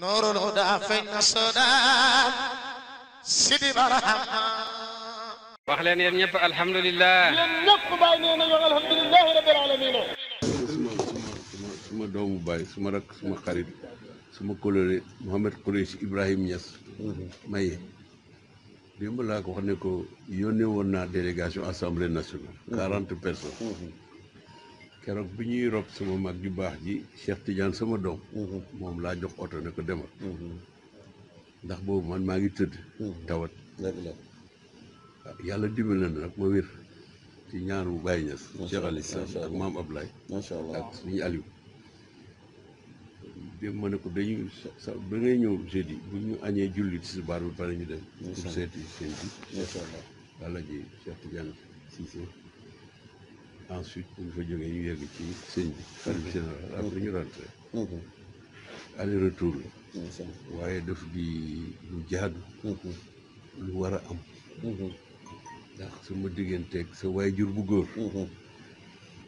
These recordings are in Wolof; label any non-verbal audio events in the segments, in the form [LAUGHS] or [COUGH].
نور الهدى فين السودان سيدي برحمة wax leen yéen ñëpp alhamdulilah. yéen ñëpp bàyyi nee nañu alhamdulilah rabbil suma doomu baay suma rakk suma xarit suma kóllëre Mouhamed Khoureychi Ibrahim Niass. maye démb laa ko wax ne ko yónnee woon naa délégation assemblée nationale. Mm-hmm. keroog bi ñuy rob sama mag ju baax ji Cheikh Tidiane sama doom mhm. moom laa jox oto ne ko demal mhm. ndax boobu man maa ngi tëdd mhm. tawat ah, yàlla dimbal na nag ma wér ci ñaanu Baye Niass Cheikh Aly Sall ak maam Ablaye ak suñu Aliou dem ma ne ko sa ba ngay ñëw jeudi bu ñu añee julli ci baar bi pare ñu dem seen bi ji Cheikh Tidiane ensuite bu ñu fa jógee ñu yegg ci sëñ bi xarit général après ñu rentré aller retour waaye daf di lu jaadu lu war a am ndax sama digganteeg sa waajur bu góor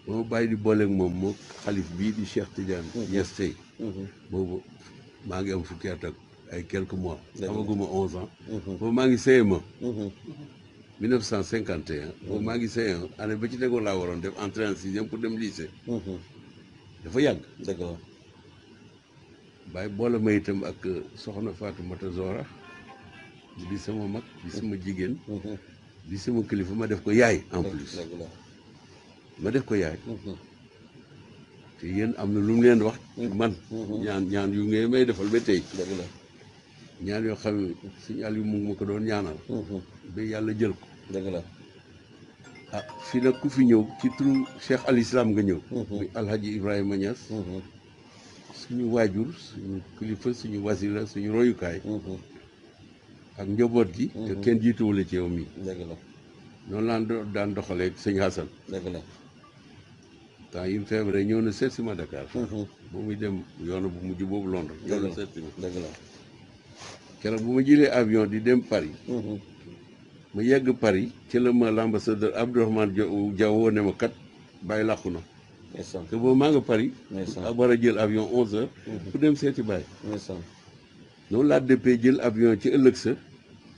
ba ma bàyyi di booleeg moom moo xalif bii di Cheikh Tidiane Niass tey boobu maa ngi am fukki at ay quelques mois amaguma onze ans boobu maa ngi sëye ma 1951. boobu maa ngi C1 année ba ci tegoon laa waroon def entrée en sixième pour dem lycée. Mhm. dafa yàgg. d'accord bàyyi boole ma itam ak euh, soxna Fatou Mata Zora di sama mag di sama jigéen. Mhm. di sama kilifa ma def ko yaay en plus. ma def ko yaay. Mhm. te yéen am na lu mu leen wax. man ñaan ñaan yu ngay may defal ba tey. ñaan yoo xam ne yu mu ma ko doon ñaanal. ba yàlla jël ko. dëgg ah fii nag ku fi ñëw ci turu Cheikh al Islam nga ñëw. Mhm. muy Alhaji Ibrahima Niass. Mhm. suñu waajur suñu kilifa suñu wasila suñu royukaay. Mhm. ak njaboot gi. te kenn jiituwul ci yow mi dëgg la noonu laan daan doxalee sëñ Hassan. temps yi mu feebaree ñëw na seet si ma Dakar. ba muy dem yoonu bu mujj boobu Londres. dëgg la na seet si ma. dëgg la bu ma jëlee avion di dem Paris. ma yegg Paris ci la ma l'ambassadeur Abdourahmane Diaw woo ne ma kat bàyyi làqu na te boobu maa nga Paris ak war a jël avion onze heures pour mhm. dem seeti bàyyi noonu laa dëppee jël avion ci ëllëg sa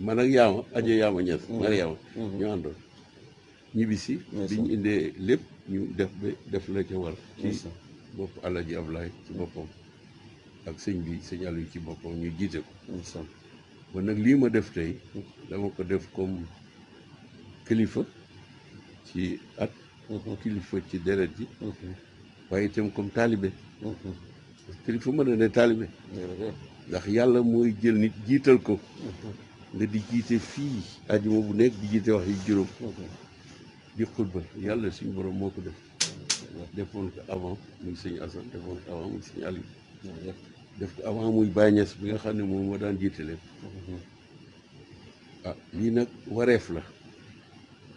man ak yaama ajo yaama ñes man mhm. yaama mhm. ñu àndoon ñibbisi bi ñu indee lépp ñu def ba def la ca war ci bopp Alaji Ablaye ci boppam ak sëñ bi sëñ Aliou ci boppam ñu jiite ko ba nag lii ma def tey dama ko def comme kilifa ci at mhm. kilifa ci deret ji mhm. waaye itam comme taalibe mhm. kilifa mën na ne taalibe ndax yàlla mooy jël nit jiital ko nga di jiite fii ajuma bu nekk di jiite wax yi juróom di xutba yàlla suñu borom moo ko def defoon ko avant muy sëñ Assane defoon ko avant muy sëñ Aliou def ko avant muy Baye bi nga xam ne moom moo daan jiite leen ah lii nag wareef la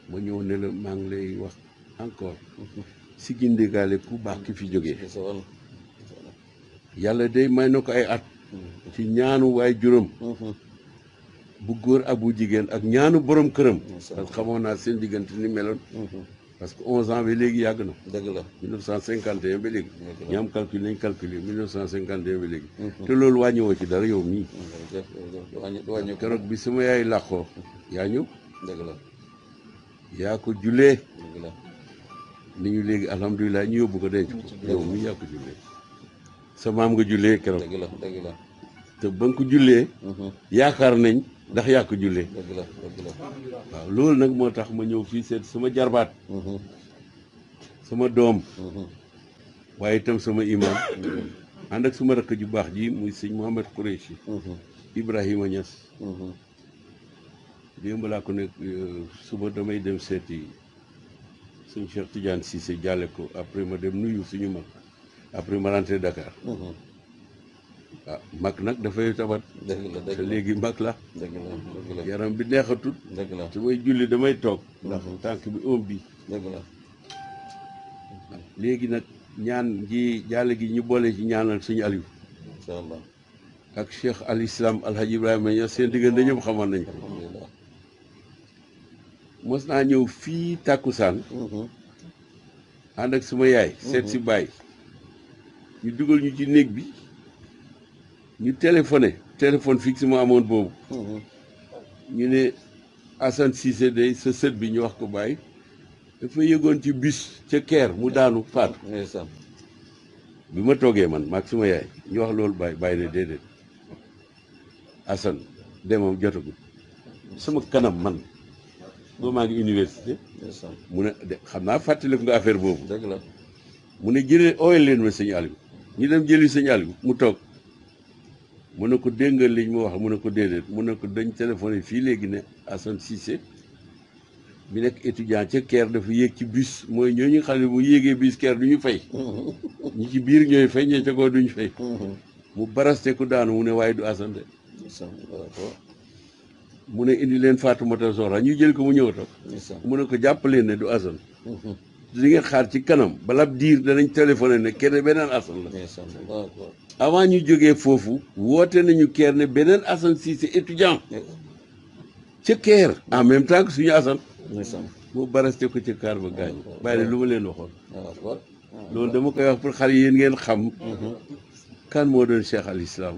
ma ñëw ne la maa ngi lay wax encore si gindigaale ku baax ki fi jógee yàlla de may na ko ay at ci ñaanu waay juróom bu góor ak bu jigéen ak ñaanu boroom këram parce xamoon naa seen diggante ni meloon mm-hmm. parce que 11 ans ba léegi yàgg na. dëgg la 1951 ba léegi. dëgg ñi am calcul nañ calculé 1951 ba léegi. Mhm. te loolu wàññiwoo ci dara yow mii. wàññi keroog bi sama yaay làqoo yaa ñu dëgg la. yaa ko jullee. dëgg léegi alhamdulilah ñu yóbbu ko denc ko. yow mii yaa ko jullee. sa maam nga jullee keroog. dëgg te ba nga ko jullee. Mhm. nañ. ndax yaa ko waaw loolu nag moo tax ma ñëw fii seet sama jarbaat mm-hmm. sama doom mm-hmm. waaye itam sama imam mm-hmm. ànd ak suma rakk ju baax ji muy sëñ Mouhamed Kourechi Ibrahima Niass démb laa ko nekk euh, suma damay dem seeti sëñ Cheikh Tidiane Cissé jàlle ko après ma dem nuyu suñu mag après ma rentré Dakar ah mag nag dafay tabat. dëgg léegi mag la. dëgg yaram bi neexatul. dëgg la su may julli damay toog. ndax tànk bi ëmb bi. dëgg léegi nag ñaan gi jàll gi ñu boole ci ñaanal suñu Aliou. incha allah ak Cheikh Al Islam Al Hadj seen diggante ñëpp xamoon nañu ko. mos naa ñëw fii tàkkusaan mhm. ànd ak suma yaay. seet si mhm. baay. ñu dugal ñu ci néeg bi. ñu téléphone téléphone fixe mu amoon boobu. Mm-hmm. ñu ne Assane Cissé day sa sët bi ñu wax ko bàyyi. dafa yëgoon ci bis ca Caire mu daanu faatu. bi ma toogee man maak suma yaay ñu wax loolu bàyyi bàyyi ne déedéet Assane demam jotagul sama kanam man boo maa ngi université. mu ne xam naa fàttaliku nga affaire boobu. dëgg la mu ne jële ooyal leen ma sëñ Aliou ñu dem jëli sëñ Aliou mu toog. mu ne ko dégg nga liñ ma wax mu ne ko déedéet mu ne ko dañ téléphoné fii léegi ne Assane Cissé bi nekk étudiant ca Caire dafa yéeg ci bus mooy ñooñu xale bu yéegee bus Caire du fay [LAUGHS] ci biir ñooy fay ñee ca koo duñu fay [LAUGHS] mu baraste ku daanu mu ne waaye du Assane de mu ne indi leen Fatoumata Zora ñu jël ko mu ñëw toog mu ne ko jàppaleen ne du Assane [LAUGHS] di ngeen xaar ci kanam balaa diir danañ téléphoné ne Kerne beneen Assane la. avant ñu jógee foofu woote nañu ne beneen Assane Cissé étudiant. ca Kër en même temps que suñu Assane. moo baraste ko ci kaar ba gaañ. bàyyi lu ma leen waxoon. Ah, loolu dama koy wax pour xar yéen ngeen xam. Mm-hmm. kan moo doon Cheikh al Islam.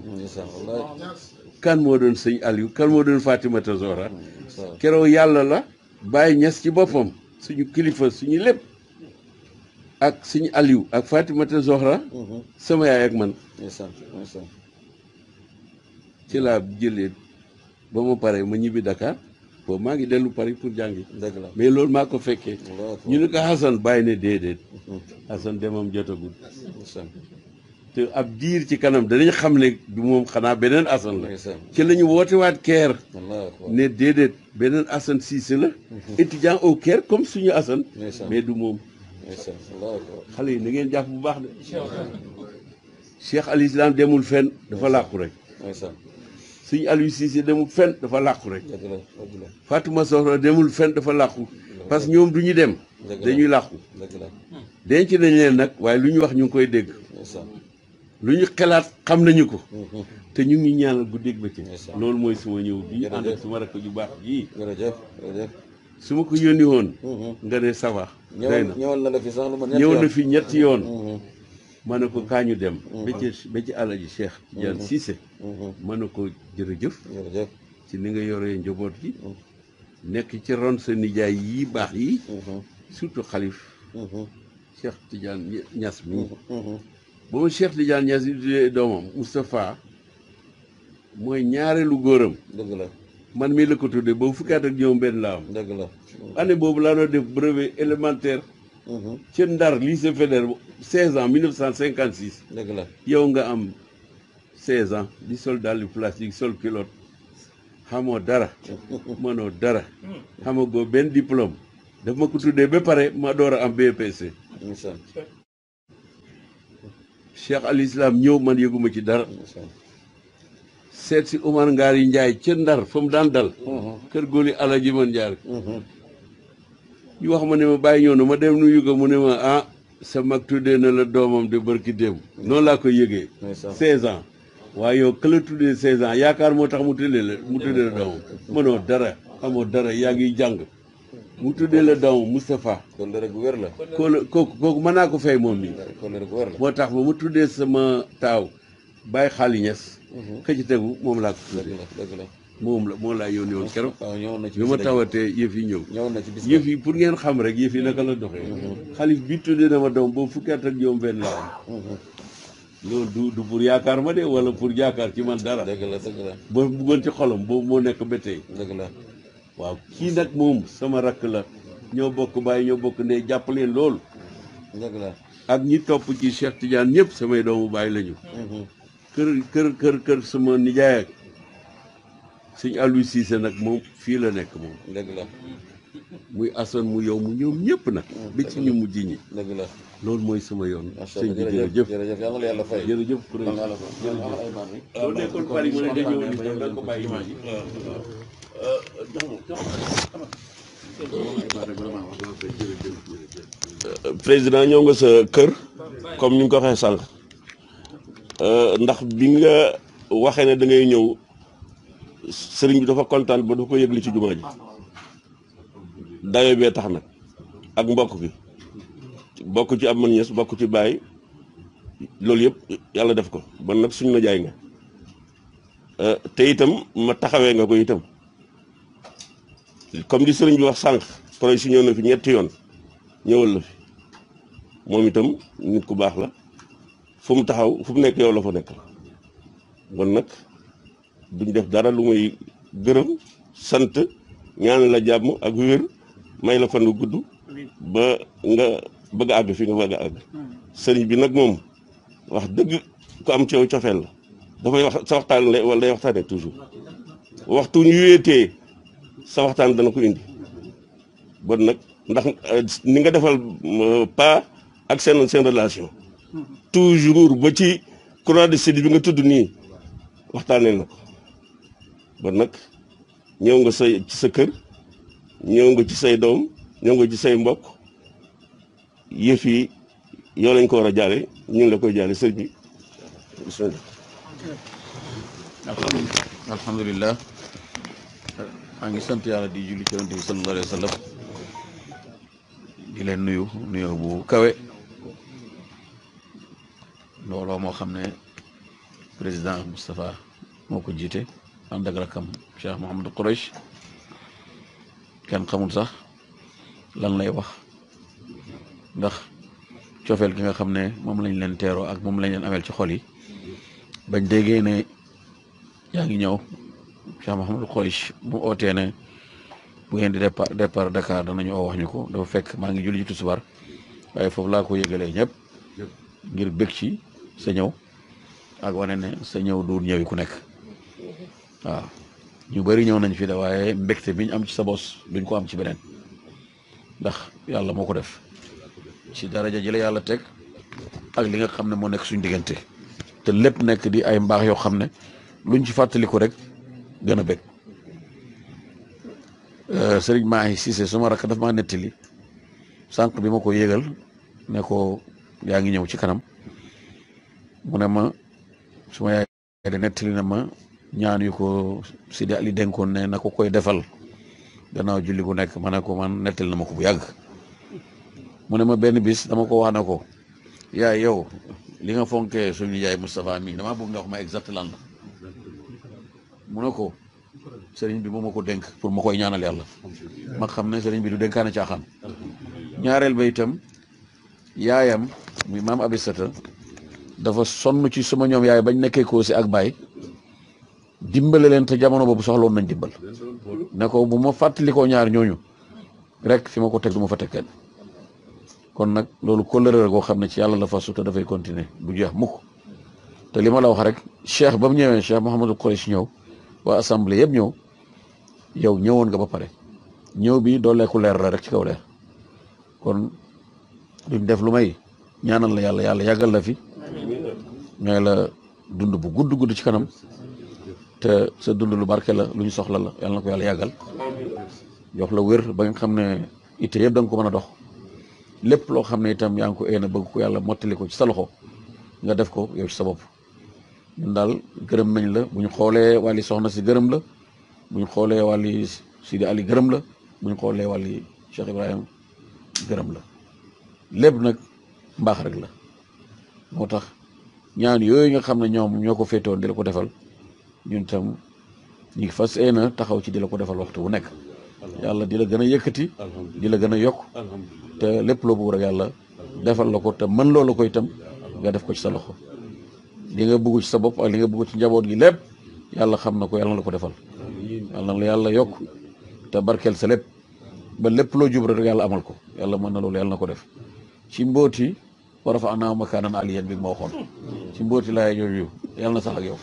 kan moo doon sëñ Aliou kan moo doon Fatimata Zora. Mm, keroog yàlla la bàyyi ñas ci boppam suñu kilifa suñu lépp. ak suñu Aliou ak Fatimata Zohra mhm. sama yaay ak man ci laa jëlee ba ma pare ma ñibbi Dakar boobu maa ngi dellu Paris pour jàngi mais loolu maa ko fekkee ñu ne ko Hassan bàyyi ne déedéet mhm. Hassan demam jotagul te ab diir ci kanam danañ xam ne du moom xanaa beneen Assane la ci la ñu wootewaat keer ne déedéet beneen Assane Cissé la mhm. étudiant au Caire comme suñu Assane mais du moom xale yi da ngeen jàpp bu baax de. Cheikh Al Islam demul fen dafa làqu rek. suñu Aliou Cissé demul fen dafa làqu rek. Fatuma Soxna demul fen dafa làqu. parce que ñoom du ñu dem. dañuy làqu. denc nañ leen nag waaye lu ñu wax ñu ngi koy dégg. lu ñu xelaat xam nañu ko. te ñu ngi ñaan ñaanal guddeeg bëccëg. loolu mooy suma ñëw bii ànd ak suma rakk ju baax yii. jërëjëf su ma ko yónni woon. Mhm. nga ne ça va. day na la fi sax lu ma ñetti yoon ñëw na fi ñetti yoon. Mhm. ma ne ko kaañu dem. Mhm. ba ci ba ci Alaaji Cheikh Tidiane Cissé. ma ko jërëjëf. jërëjëf ci ni nga yoree njoboot gi. nekk ci ron sa nijaay yi baax yi. surtout xalif. Cheikh Tidiane Niass mi. ba ma Cheikh Tidiane Niass di doomam Moustapha mooy ñaareelu góoram. dëgg la. man mii la ko tuddee boobu fukki at ak ñoom benn la am. dëgg année boobu laa doon def brevet élémentaire. Mhm. ci Ndar lycée Faidherbe 16 ans 1956. dëgg la yow nga am 16 ans di sol dàll plastique sol culotte xamoo dara [LAUGHS] mënoo dara hmm. xamagoo benn diplôme daf ma ko tuddee ba pare ma door a am BPC. Cheikh Al Islam ñëw man yëguma ci dara. seet si ngaar yi Njaay ca Ndar fa mu daan dal mm-hmm. kër góoli ala ji man njaar mm-hmm. ñu wax ma ne ma bàyyi ñëw na ma dem nuyu ko mu ne ma ah sa mag tuddee na la doomam de ki démb noonu laa koy yëgee seize ans waaye yow ka la seize ans yaakaar moo tax mu tuddee la mu tuddee la doomam mënoo dara amoo dara yaa ngi jàng mu tuddee la doomam Moustapha kóllëre gu wér la kooku kooku mën naa ko fay moom mi moo tax ba mu tuddee sama taaw bàyyi Xaali Ñas ka mhm. ci tegu moom laa ko tuddee moom la moom laa yónni woon keroog bi ma tawatee yëf yi ñëw yëf yi pour ngeen xam rek yëf yi naka la mhm. doxee mhm. xalif bi tuddee na ma doom boobu fukki at ak juróom benn la am loolu du pour yaakaar ma de wala pour yaakaar ci man dara dëgg la dëgg la ba bëggoon ci xolom boobu moo nekk ba tey dëgg la waaw kii nag moom sama rakk la ñoo bokk bàyyi ñoo bokk ne jàppaleen loolu dëgg la ak ñi topp ci Cheikh Tidiane ñëpp samay doomu bàyyi la ñu kër kër kër kër sama nijaay ak sëñ Aliou nag moom fii la nekk moom. dëgg la. muy Assane mu yow mu ñoom ñëpp nag. Mm. bi ci ñu mu ñi. dëgg la loolu mooy sama yoon. sëñ bi jërëjëf jërëjëf na yàlla fay. jërëjëf kuréel jërëjëf. loolu nekkul Paris mu ne dañoo ñëw da président ñëw nga sa kër comme ni nga ko waxee sànq. Euh, ndax bi nga waxee ne dangay ñëw sëriñ bi dafa kontaan ba dafa ko yëgli ci jumaa ji dayo bee tax nag ak mbokk bi bokk ci am man ñes bokk ci bàyyi loolu yëpp yàlla def ko man nag suñ la jaay nga euh, te itam ma taxawee nga ko itam comme di sëriñ bi wax sànq projet si ñëw na fi ñetti yoon ñëwal la fi moom itam nit ku baax la fu taxaw fu mu nekk yow la fa nekk kon nag duñ def dara lu muy gërëm sant ñaan la jàmm ak may la fan gudd ba nga bëgg a fi nga bëgg a sëriñ bi nag moom wax dëgg ku am coow cofeel la dafay wax sa waxtaan lay day waxtaane toujours waxtu ñu wéetee sa waxtaan dana ko indi bon nag ndax euh, ni nga defal euh, pa ak seen seen relation toujours ba ci courant de sud bi nga tudd nii waxtaanee na ko ba nag ñëw nga say ci sa kër ñëw nga ci say doom ñëw nga ci say mbokk yëf yi yow lañ ko war a jaale ñu ngi la koy jaale sëñ bi bismillah alhamdulilah maa yàlla di julli leen nuyu nuyoo bu kawe mbooloo moo xam ne président Moustapha moo ko jiite ànd ak rakam Cheikh Mouhamadou Quraish kenn xamul sax lan lay wax ndax cofeel gi nga xam ne moom lañ leen teeroo ak moom lañ leen ameel ci xol yi bañ déggee ne yaa ngi ñëw Cheikh Mouhamadou Quraish mu ootee ne bu ngeen di départ départ Dakar danañu oo wax ñu ko dafa fekk maa ngi julli ci tusubar waaye foofu laa ko yëgalee ñëpp ngir bëgg ci sa ñëw ak wane ne sa ñëw du ñëwi ku nekk waaw ñu bari ñëw nañ fii de waaye mbégte bi ñu am ci sa bos duñ ko am ci beneen ndax yàlla moo ko def ci daraja ji la yàlla teg ak li nga xam ne moo nekk suñ diggante te lépp nekk di ay mbaax yoo xam ne luñ ci fàttaliku rek gën a bég euh, sëriñ Mahi Cissé suma rakk daf maa nettali sànq bi ma ko yëgal ne ko yaa ngi ñëw ci kanam mu ne ma su ma yaay de nettali na ma ñaan yu ko Sidi Ali dénkoon ne na ko koy defal gannaaw julli gu nekk ma ne ko man nettali na ma ko bu yàgg mu ne ma benn bis dama ko wax na ko yaay yow li nga fonkee suñu yaay Moustapha mi dama bëgg nga wax ma exact lan la mu ne ko seriñ bi moo ma ko denk pour ma koy ñaanal yàlla ma xam ne sëriñ bi du dénkaane caaxaan ñaareel ba itam yaayam muy maam Abisata dafa sonn ci suma ñoom yaay bañ nekkee si ak baay dimbale leen te jamono boobu soxla woon nañ dimbal ne ko bu ma fàttalikoo ñaar ñooñu rek fi ma ko teg du ma fa teg kenn kon nag loolu kóllëre la koo xam ne ci yàlla la fasu te dafay continuer bu jeex mukk te li ma la wax rek cheikh ba mu ñëwee cheikh koy si ñëw waa assemblée yëpp ñëw yow ñëwoon nga ba pare ñëw bi dooleeku leer la rek ci kaw leer kon duñ def lu may ñaanal la yàlla yàlla yàggal la fi. ñooy la dund bu gudd gudd ci kanam te sa dund lu barke la lu ñu soxla la yàlla na ko yàlla yàggal jox la wér ba nga xam ne itte yëpp danga ko mën a dox lépp loo xam ne itam yaa ngi ko eena bëgg ko yàlla mottali ko ci sa loxo nga def ko yow ci sa bopp ñun daal gërëm nañ la bu ñu xoolee wàlli soxna si gërëm la bu ñu xoolee wàlli Sidi Ali gërëm la bu ñu xoolee wàlli Cheikh Ibrahim gërëm la lépp nag mbaax rek la moo tax ñaan yooyu nga xam ne ñoom ñoo ko féetoon di la ko defal ñun tam ñu ngi fas na taxaw ci di la ko defal waxtu bu nekk yàlla di la gën a yëkkati di la gën a yokk te lépp loo bëgg rek yàlla defal la ko te mën loolu ko itam nga def ko ci sa loxo li nga bëgg ci sa bopp ak li nga bëgg ci njaboot gi lépp yàlla xam na ko yàlla na la ko defal yàlla yàlla yokk te barkeel sa lépp ba lépp loo jub rek yàlla amal ko yàlla mën na loolu yàlla na ko def ci mbóoti wa rafa'naa makaanan aliyyan bi ma waxoon ci mbooti laaya yooyu yàlla na sax ak yow.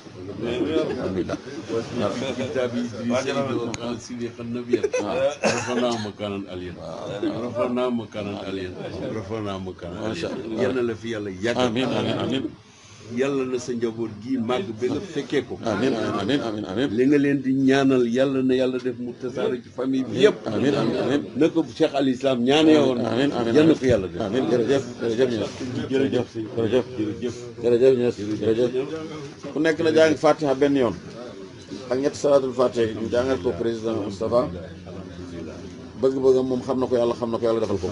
alhamdulilah. rafa'naa makaanan aliyyan. rafa'naa makaanan aliyyan. rafa'naa makaanan aliyyan. yal na la fi yàlla yàgg. amiin amiin amiin. yàlla na sa njaboot gii màgg ba nga fekkee ko. amiin amiin amiin li nga leen di ñaanal yàlla na yàlla def mu tasaare ci famille bi yëpp. amiin amiin amiin na ko Cheikh Al Islam ñaanee woon. amiin amiin yal na ko yàlla def. amiin jërëjëf jërëjëf jërëjëf jërëjëf jërëjëf jërëjëf jërëjëf ku nekk na jàng Fatiha benn yoon ak ñett salaatul Fatiha ñu jàngal ko président Moustapha bëgg-bëggam moom xam na ko yàlla xam na ko yàlla defal ko.